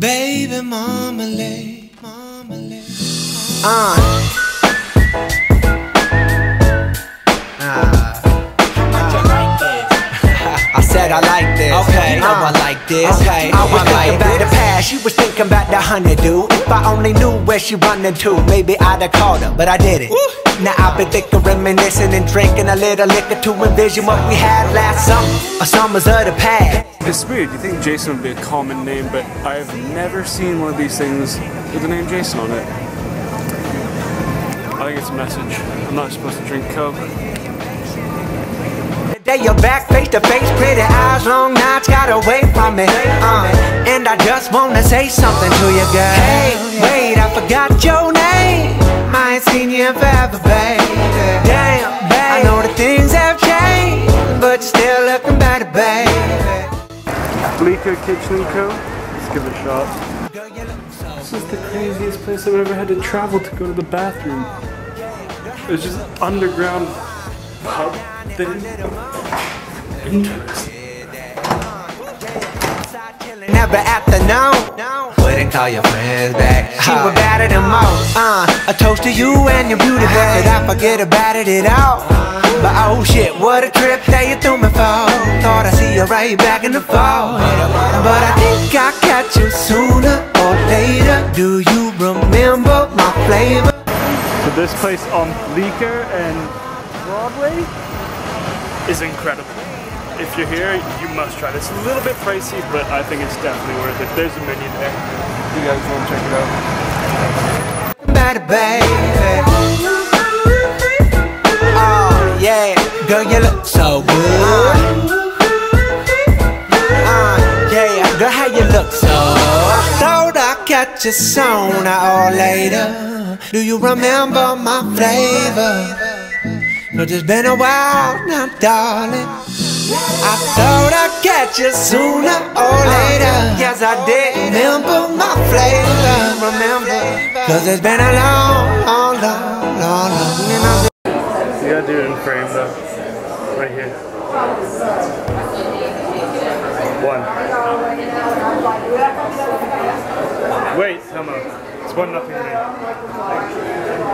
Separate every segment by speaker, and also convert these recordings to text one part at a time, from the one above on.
Speaker 1: Baby marmalade, marmalade. Uh. Ah. Ah. I said I like this. Okay. You know I like this. Okay. I was thinking about the past. You was thinking thinking about the honeydew. If I only knew where she running to, maybe I'd have called her, but I didn't. Now I've been thinking, reminiscing, and drinking a little liquor to envision what we had last summer, or summers of the past. It's weird, you think Jason would be a common name, but I've never seen one of these things with the name Jason on it. I think it's a message. I'm not supposed to drink Coke. They are back face to face, pretty eyes, long nights, got away from me. Uh, and I just wanna say something to you, girl. Hey, wait, I forgot your name. I ain't seen you in forever, babe. Damn, babe. I know the things have changed, but you're still looking better, babe. Miko Kitcheniko, let's give it a shot. This is the craziest place I've ever had to travel to go to the bathroom. It's just underground pub something interesting. Never after no. Wouldn't call your friends back. She was better than most. Uh, a toast to you and your beauty, but could I forget about it at all? But oh shit, what a trip that you threw me for. Thought I'd see you right back in the fall. But I think I'll catch you sooner or later. Do you remember my flavor? So this place on Leaker and Broadway? is incredible. If you're here, you must try it. It's a little bit pricey, but I think it's definitely worth it. There's a menu there. You guys want to check it out? Bad baby. Oh, yeah. Girl, you look so good. Uh, yeah. Girl, how you look so Thought I would catch your sauna all later. Do you remember my flavor? Cause it's been a while now, darling. I thought I'd catch you sooner or later. Yes, I did. Remember my flavor. Remember. Cause it's been a long, long, long, long, long. You gotta do it in frame though. Right here. One. Wait, Emma. It's one nothing.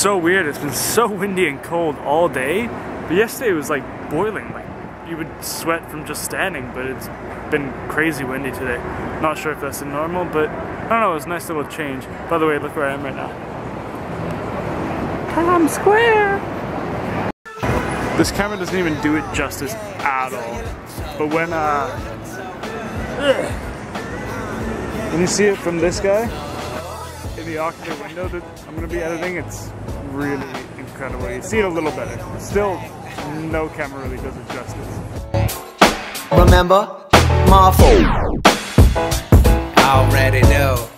Speaker 1: so weird. It's been so windy and cold all day. But yesterday it was like boiling. Like you would sweat from just standing, but it's been crazy windy today. Not sure if that's normal, but I don't know, it was a nice little change. By the way, look where I am right now. Times Square! This camera doesn't even do it justice at all. But when, uh, ugh, when you see it from this guy, in the ocular window that I'm going to be editing. It's really incredible. You see it a little better. Still, no camera really does it justice. Remember, Marvel. Already know.